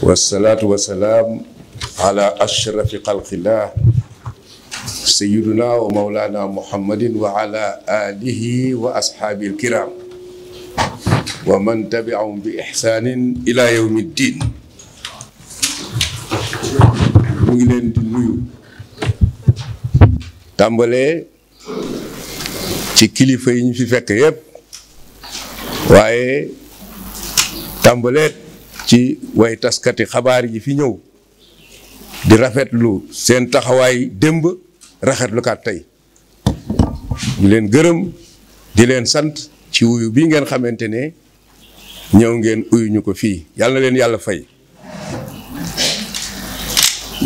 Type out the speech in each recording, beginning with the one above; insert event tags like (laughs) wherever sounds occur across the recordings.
wasalaatu wasalaam ala ashrafi xalqillah sayiduna wa maulana muhammadin wa ala alihi wa ashaabi alkiram wa man tabiahum bi ixsanin ila yawmi ddin mu ngi leen di nuyu tàmbalee ci kilifa yi ñu fi fekk yépp waaye tàmbalee ci way taskati xabaar yi fi ñëw di rafetlu seen taxawaay démb rafetlukaat tey di leen gërëm di leen sant ci wuyu bi ngeen xamante ne ñëw ngeen uyu ñu ko fii yàlla na leen yàlla fay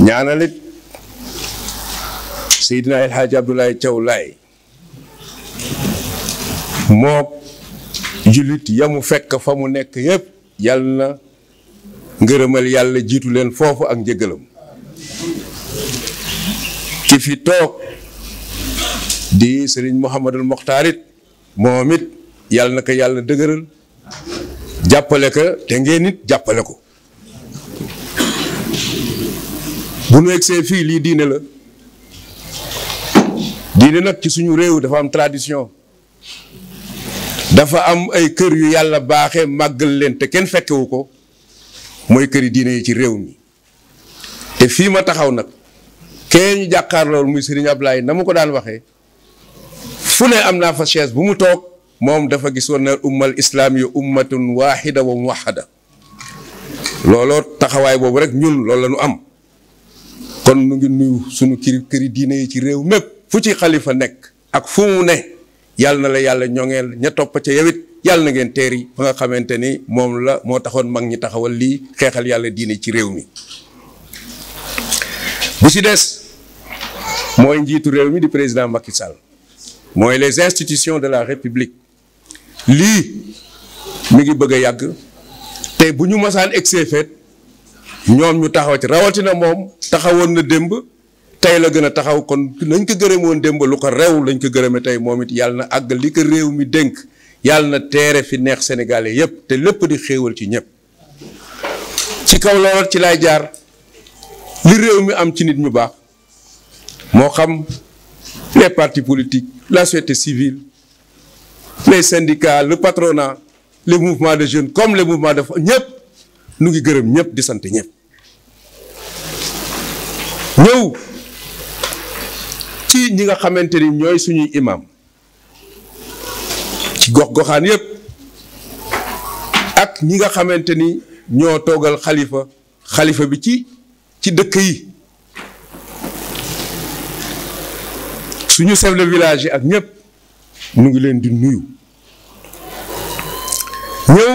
ñaanalit Seydina El Hadj Abdoulaye Thiaw Laye mook jullit yamu fekk fa mu nekk yépp yàlla na ngërëmal yàlla jiitu leen foofu ak njëgalam ki fi toog di sëriñ Mouhamadul Mokhtar it moom it yàlla na ko yàlla dëgëral jàppale ko te ngeen it jàppale ko bu nu egsee fii lii diine la diine nag ci suñu réew dafa am tradition dafa am ay kër yu yàlla baaxee màggal leen te kenn fekkewu ko mooy këri diine yi ci réew mi te fii ma taxaw nag kee ñu jàkkaar loolu muy Serigne Ablaye na mu ko daan waxee fu ne am naa fa chaise bu mu toog moom dafa gisoon na ummal islaam yu ummatun waahida wa muwahada looloo taxawaay boobu rek ñun loolu la ñu am kon nu ngi nuyu sunu kër këri diine yi ci réew mépp fu ci xalifa nekk ak fu mu ne yàlla na la yàlla ngeen ña topp ca yawit yàlla na ngeen teer yi ba nga xamante ni moom la moo taxoon mag ñi taxawal lii xeexal yàlla diine ci réew mi bu si des mooy njiitu réew mi di président Macky Sall mooy les institution de la république lii mu ngi bëgg a yàgg te bu ñu masaan egg see feet ñoom ñu taxaw ci rawatina moom taxawoon na démb tey la gën a taxaw kon lañ ko gërëmoon démb lu ko rew lañ ko gërëme tey moom it yàlla na àgg li ko réew mi dénk yàlla na teere fi neex sénégalais yépp te lépp di xéewal ci ñëpp ci kaw loolu ci lay jaar li réew mi am ci nit ñu baax moo xam les partis politiques la société civile les syndicats le patronat les mouvements de jeunes comme les mouvements de ñëpp nu ngi gërëm ñëpp di sant ñëpp ci ñi nga xamante ni ñooy suñuy imam ci gox-goxaan yépp ak ñi nga xamante ni ñoo toogal xalifa xalifa bi ci ci dëkk yi suñu chef de village yi ak ñëpp mu ngi leen di nuyu ñëw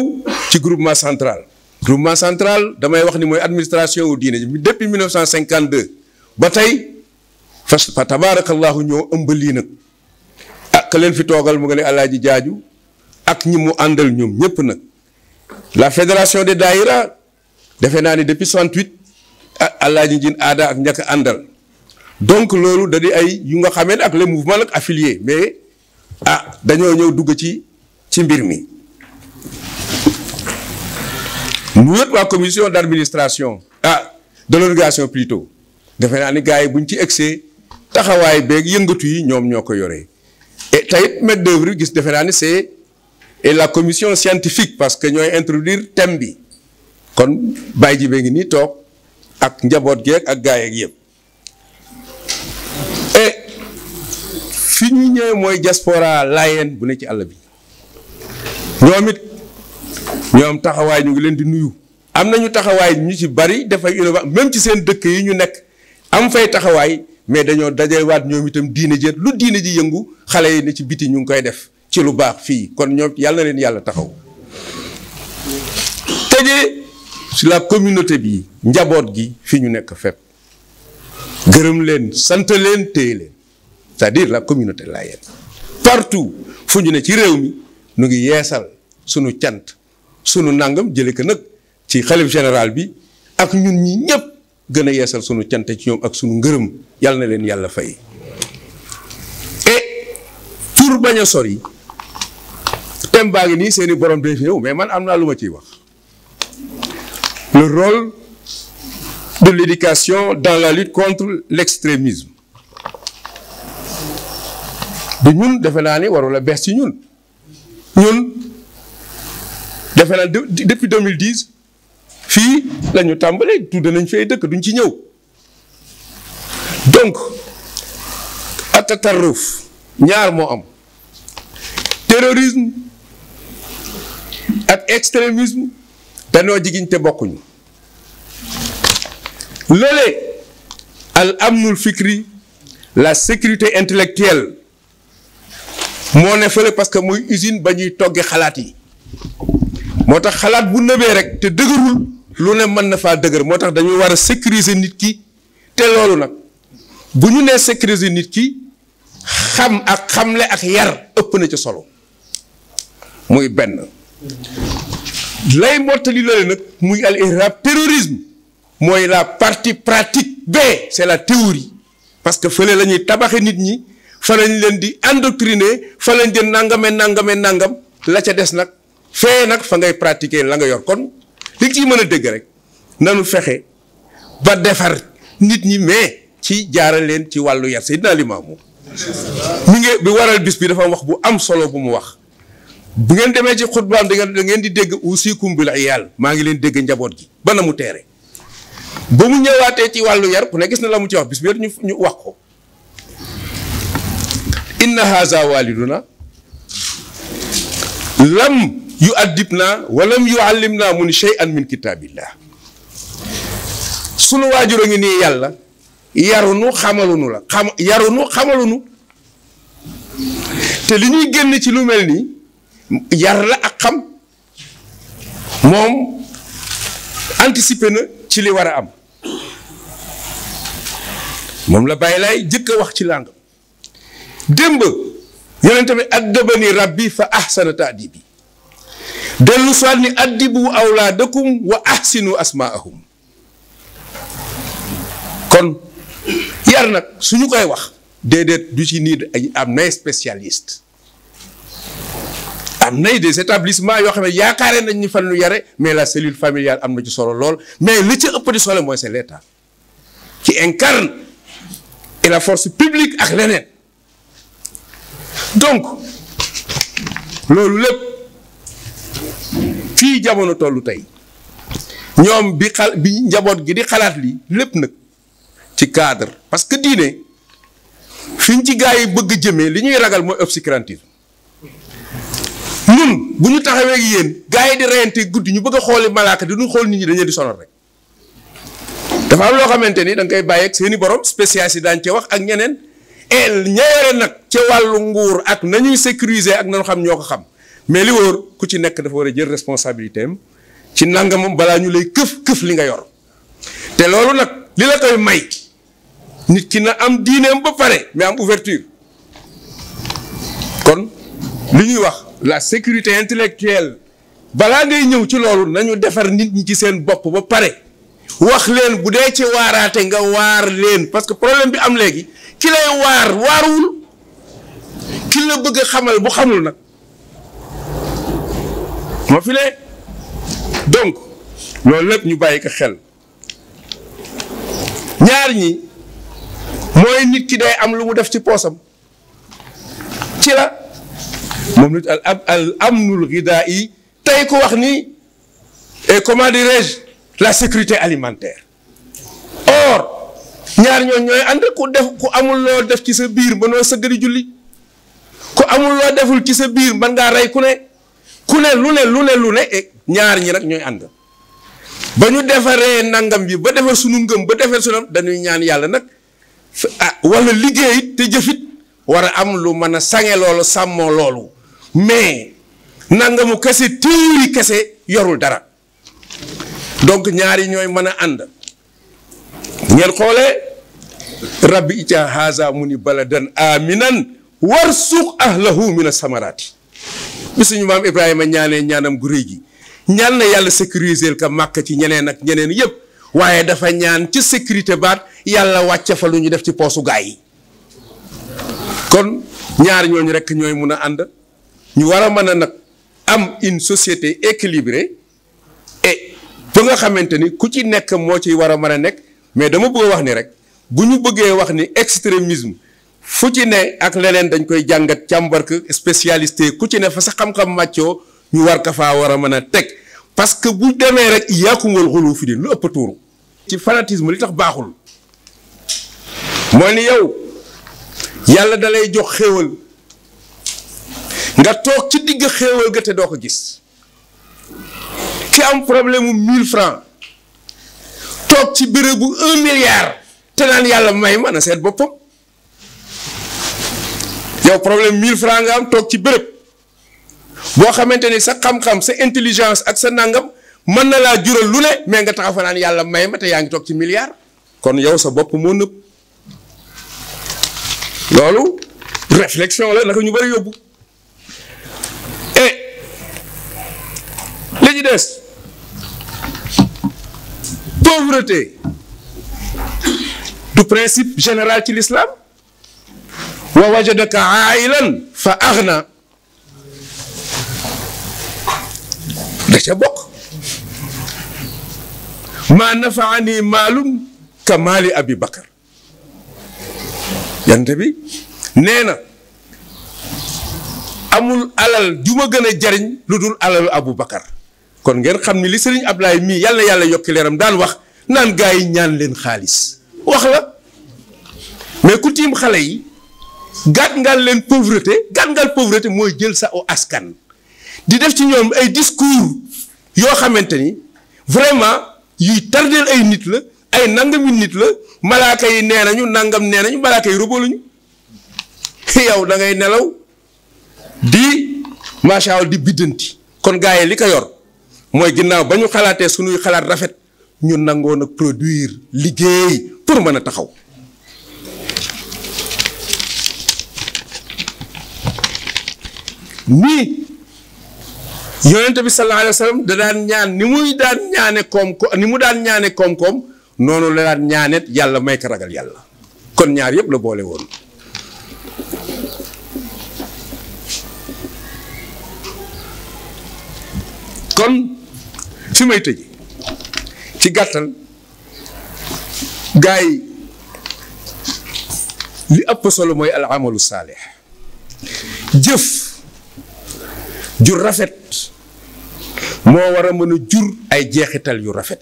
ci groupement central groupement central damay wax ni mooy administration wu diine depuis 1952 ba tey fas fa tabaarakallaahu ñoo ëmb lii nag ah leen fi toogal mu nga ne alaaji jaaju ak ñi mu àndal ñoom ñëpp nag la fédération des daayira defe naa ni depuis 68 ah alaaji njin aada ak ñàkk àndal donc loolu da di ay yu nga xamee ne ak les mouvements nag affiliés mais ah dañoo ñëw dugg ci ci mbir mi mu yot waa commission d' administration ah de l' defe naa ni gars buñ ci egsee taxawaay beeg yëngatu yi ñoom ñoo ko yore et tayit maître d'œuvre gis defe naa ni c'est et la commission scientifique parce que ñooy introduire thème bi kon bàyyi ji ngi nii toog ak njaboot geeg ak gaay ak yëpp fi ñuy ñëwee mooy diaspora laayeen bu ne ci àll bi ñoom it ñoom taxawaay ñu ngi leen di nuyu am nañu taxawaay ñu ci bari dafay innovation même ci seen dëkk yi ñu nekk am fay taxawaay mais dañoo dajewaat ñoom itam diine jër lu diini ji yëngu xale yi ni ci biti ñu ngi koy def ci lu baax fii kon ñoom yàlla na leen yàlla taxaw tëjee ci la communauté bi njaboot gi fi ñu nekk fépp gërëm leen sant leen téye leen c'est-à-dire la communauté layène partout fu ñu ne ci réew mi nu ngi yeesal sunu cant sunu nangam jële ko nag ci xalif général bi ak ñun ñi ñëpp. gën a yeesal sunu cant ci ñoom ak sunu ngërëm yàlla na leen yàlla fay pour e bañ a sori thème baa ngi nii seeni borom dee mais man am naa lu ma ciy wax le rôle de l'éducation dans la lutte contre l'extrémisme du ñun defe naa ni warul a bees ci ñun ñun defe naa depuis fii lañu tàmbalee tudd nañ fay dëkk duñ ci ñëw donc atatarruf ñaar moo am terrorisme ak extrémisme danoo jigiñ te bokkuñu loolee al amnul fikri la sécurité intellectuelle moo ne fële parce que muy usine ba ñuy togge xalaat yi moo tax xalaat bu nëbee rek te dëgërul lu ne mën na faa dëgër moo tax dañuy war a sécuriser nit ki te loolu nag bu ñu nee sécuriser nit ki xam ak xamle ak yar ëpp na ca solo muy benn lay mottali loole nag muy al irhab terrorisme mooy la parti pratique b c'est la théorie parce que fële la ñuy tabaxe nit ñi fa lañ leen di endoctriner fa lañ di nangame nangame nangam la ca des nag fee nag fa ngay pratiquer la nga yor kon li ci mën a dégg rek nanu fexe ba defar nit ñi mais ci jaaral leen ci wàllu yar Seydina Limaamu mi ngi bi waral bis bi dafa wax bu am solo bu mu wax bu ngeen demee ci xutbaam da ngeen di dégg usikum bil iyaal maa ngi leen dégg njaboot gi ba na mu teere ba mu ñëwaatee ci wàllu yar ku ne gis na la mu ci wax bis bi ñu ñu wax ko inna haza waliduna lam yu addib naa walam yu allim naa mu ni shay'an min kitaabillah sunu waajur a ngi nii yàlla yarunu xamalunu la xam yarunu xamalunu te li ñuy génn ci lu mel nii yar la ak xam moom anticiper na ci li war a am moom la bàyyi laay jëkk wax ci làngam démb yonente bi addabani rabbi fa ahsana taadibi dellu soit ni addibu awlaadakum wa ahsinu asmaahum kon yar nag suñu koy wax déedéet du ci nii ay am nay spécialiste am nay des établissements yoo xam ne yaakaare nañ ni fan nu yare mais la cellule familiale am na ci solo lool mais li ci ëpp di solo mooy c'est l'État qui incarne et la force publique ak leneen donc loolu lépp fii jamono tollu tey ñoom bi xal bi njaboot gi di xalaat li lépp nag ci cadre parce que diine fiñ ci gaa yi bëgg jëme li ñuy ragal mooy obscurantisme ñun bu ñu taxawee ak yéen gaa yi di reyante guddi ñu bëgg a xooli malaaka di ñu xool nit ñi dañu di sonal rek dafa am loo xamante ni da nga koy bàyyi ak seeni borom spécialistes yi daañu cee wax ak ñeneen et ña nag ca wàllu nguur ak nañuy sécuriser ak nañu xam ñoo ko xam mais li wóor ku ci nekk dafa war a jël responsabilité am ci nangamam balaa ñu lay këf këf li nga yor te loolu nag li la koy may nit ki na am diineem ba pare mais am ouverture kon li ñuy wax la sécurité intellectuelle balaa ngay ñëw ci loolu nañu defar nit ñi ci seen bopp ba pare wax leen bu dee ci waaraate nga waar leen parce que problème bi am léegi ki lay waar waaruwul ki la bëgg a xamal bu xamul nag ma fi donc loolu lépp ñu bàyyi ko xel ñaar ñi mooy nit ki day am lu mu def ci poosam ci la moom nit al al amnul ghidaa yi tey ku wax nii et comment dirais-je la sécurité alimentaire or ñaar ñoo ñooy ànd ku def ku amul loo def ci sa biir mënoo sëgg di julli ku amul loo deful ci sa biir mën ngaa rey ku ne. ku ne lu ne lu ne lu ne eh, ñaar ñi nag ñooy ànd ba ñu defaree nangam bi ba defar sunu ngëm ba defar sunu dañuy ñaan yàlla nag ah wala liggéey te jëfit war a am lu mën a sange loolu sàmmoo loolu mais nangamu kese téewri kese yorul dara donc ñaari ñooy mën a ànd ngeen xoolee rabbi ija mu ni baladan aminan warsuq ahlahu min a samaraati bi suñu maam Ibrahima ñaanee ñaanam gu rëy gi ñaan na yàlla sécuriser ka màkk ci ñeneen ak ñeneen yëpp waaye dafa ñaan ci sécurité baat yàlla wàcce fa lu ñu def ci poosu gaa yi kon ñaar ñooñu rekk ñooy mun a ànd ñu war a mën a nag am une société équilibrée et ba nga xamante ni ku ci nekk moo ci war a mën a nekk mais dama bëgg wax ni rek bu ñu bëggee wax ni extrémisme fu ci ne ak leneen dañ koy jàngat càmbark spécialisté ku ci ne fa sa xam-xam màccoo ñu war ko faa war a mën a teg parce que bu demee rek iyaakum wal xulu fi din lu ëpp tuuru ci fanatisme li tax baaxul mooy ni yow yàlla dalay jox xéewal nga toog ci digg xéewal ga te doo ko gis ki am problème mu mille francs toog ci bérébu un milliard te naan yàlla may mën a seet boppam yow problème 1000 francs nga am toog ci bërëb boo xamante ni sa xam-xam sa intelligence ak sa nangam mën na laa jural lu ne mais nga taxaw fa yàlla may ma te yaa ngi toog ci milliard kon yow sa bopp moo nëb loolu réflexion la naka ñu bëri yóbbu et eh, li ci des pauvreté du principe général ci l'islam wa wajadaka aayilan fa agna da ca bokk maa nafaani maalun ka maali abi bakar yante bi nee na amul alal ju ma gën a jariñ lu dul alalu abu bakar kon ngeen xam ni li sëriñ Ablaay mii yàlla yàlla yokki leeram daan wax naan gaa yi ñaan leen xaalis wax la mais ku tiim xale yi ngal leen pauvreté gàngal pauvreté mooy jël sa o askan di def ci ñoom ay discours yoo xamante ni vraiment yi tardeel ay nit la ay nangami nit la malaaka yi nee nañu nangam nee nañu malaaka yi roboo lañu (laughs) yow da ngay nelaw di macha Allah di biddanti kon gars yi li ko yor mooy ginnaaw ba ñu xalaatee suñuy xalaat rafet ñu nangoon a produire liggéey pour mën a taxaw nii yonent bi sallallahu alayhi wa sallam da daan ñaan ni muy daan ñaane koom ko ni mu daan ñaane koom-koom noonu la daan ñaanet yàlla may ko ragal yàlla kon ñaar yëpp la boole woon kon fi may tëje ci gàttal gaay li ëpp solo mooy al amalu saalix jëf ju rafet moo war a mën a jur ay jeexital yu rafet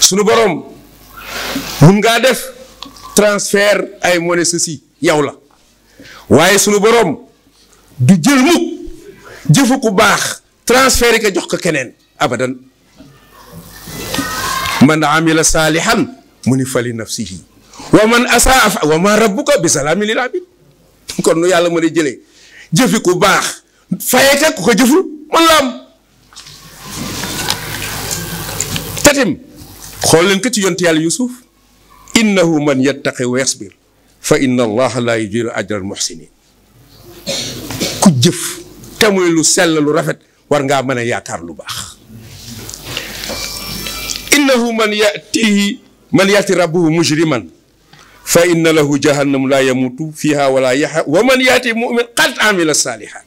sunu boroom mun ngaa def transfert ay monnaie ceci yow la waaye sunu boroom du jël mukk jëfu ku baax transfert yi ko jox ko keneen abadan man amila saalihan mu ni fali nafsihi wa man asaa fa wa ma rabbuka bi salaami lil abid kon nu yàlla mën a jëlee jëfi ku baax fayete ku ko jëful mën la am tatim xool leen ko ci yonti yàlla yusuf innahu man yattaqi wa yasbir fa inna allaha laa yudiru ajra al muhsinin ku jëf te muy lu sell lu rafet war ngaa mën a yaakaar lu baax innahu man yatihi man yati rabbuhu mujriman fa inna lahu jahannamu laa yamutu fiha wala yaxa wa man yati mumin qad amila salihat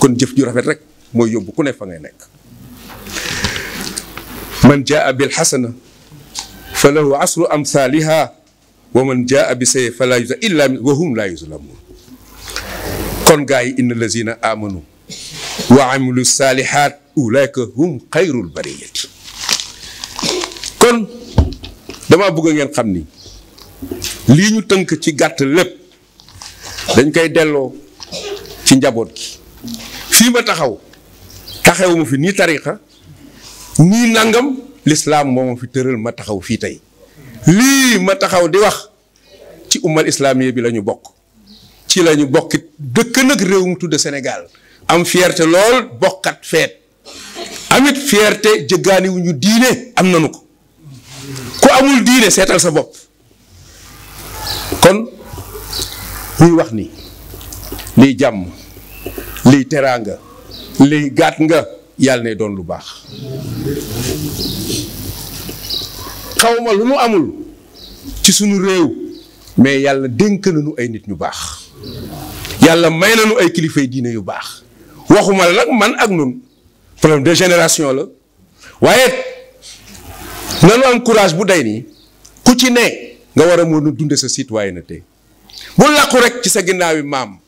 kon jëf ju rafet rek mooy yóbbu ku ne fa ngay nekk man jaa bil xasana fa lahu asru amthaliha wa man jaa bi saye fa laa yusa illa wa hum laa yuslamun kon gaa yi inna lazina amanu wa amilu salihat ulaika kon dama bëgg ngeen xam ni lii ñu tënk ci gàtt lépp dañ koy delloo ci njaboot gi fii ma taxaw taxewuma fi nii tariqa nii nangam lislaam moo ma fi tëral ma taxaw fii tey lii ma taxaw di wax ci ummal islaamiya bi la ñu bokk ci lañu bokkit bokk dëkk nag réew mu tudd Sénégal am fierte lool bokkat feet amit fierté jëggaaniwu ñu diine am nanu ko ku amul diine seetal sa bopp kon muy wax ni lii jàmm liy teraanga liy gàtt nga yàlla ne doon lu baax xawma lu nu amul ci sunu réew mais yàlla dénk nañu ay nit ñu baax yàlla may nañu ay kilifay diine yu baax waxuma la nag man ak nun problème de génération la waaye nanu am courage bu day nii ku ci ne nga war a mën nu dunde sa citoyenneté bu làqu rek ci sa ginnaawi maam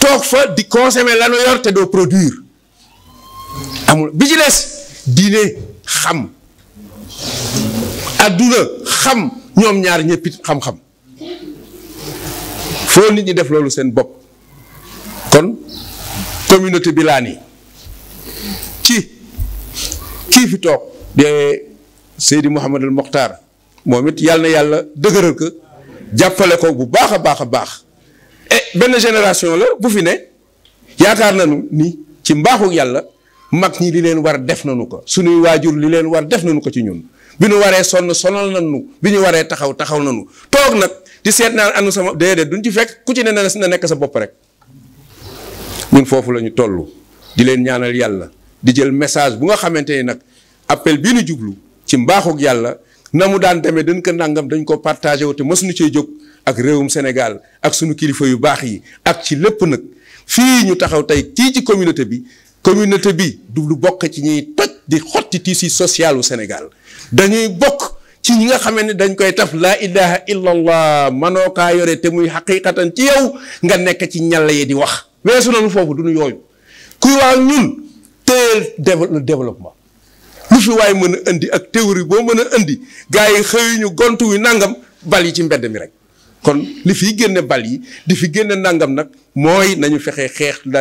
toog fa di consommer la nu yor te doo produire amul bi ci des diine xam adduna xam ñoom ñaar ñëppit xam-xam foo nit ñi def loolu seen bopp kon communauté bi laa nii ci kii fi toog de Seydi Mouhamadul Mokhtar moom it yàlla na yàlla dëgëral ko jàppale ko bu baax a baax a baax Eh, benn génération la bu fi ne yaakaar nañu ni ci mbaaxu yàlla mag ñi li leen war def nañu ko suñuy waajur li leen war def nañu ko ci ñun bi ñu waree sonn sonal nañu bi ñu waree taxaw taxaw nañu toog nag di seet naan anu sama déedéet duñ ci fekk ku ci ne na na nekk sa bopp rek ñun foofu la ñu toll di leen ñaanal yàlla di jël message bu nga xamante ni nag appel bii nu jublu ci mbaaxuk yàlla na mu daan demee dañ ko nangam dañ ko partagé wu te mos nu cee jóg ak réewum Sénégal ak suñu kilifa yu baax yi ak ci lépp nag fii ñu taxaw tey kii ci communauté bi communauté bi du bokk ci ñuy toj di xotti tissu social wu Sénégal dañuy bokk. ci ñi nga xamee ne dañ koy taf la ilaha illa allah manoo kaa yore te muy xaqiqatan ci yow nga nekk ci ñàll yi di wax weesu nañu foofu du nu yooyu kuy wax ñun téel développement fi waay mën a indi ak théorie boo mën a indi gars yi xëyuñu gont wi nangam bal yi ci mbedd mi rek kon li fi génne bal yi di fi génne nangam nag mooy nañu fexe xeex la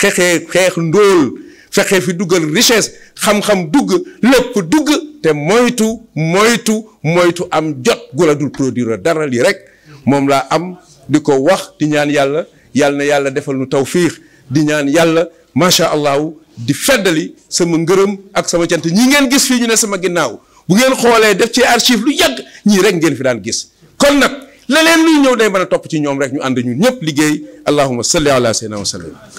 xeexee xeex ndóol fexe fi duggal richesse xam-xam dugg lépp dugg te moytu moytu moytu am jot gu la dul produire daral yi rek moom laa am di ko wax di ñaan yàlla yàlla na yàlla defal nu tawfiix di ñaan yàlla macha allah. di feddali sama ngërëm ak sama cant ñi ngeen gis fii ñu ne sama ginnaaw bu ngeen xoolee def ci archive lu yàgg ñii rek ngeen fi daan gis kon nag leneen luy ñëw day mën a topp ci ñoom rek ñu ànd ñun ñëpp liggéey allahuma salli ala sayyidina wa sallam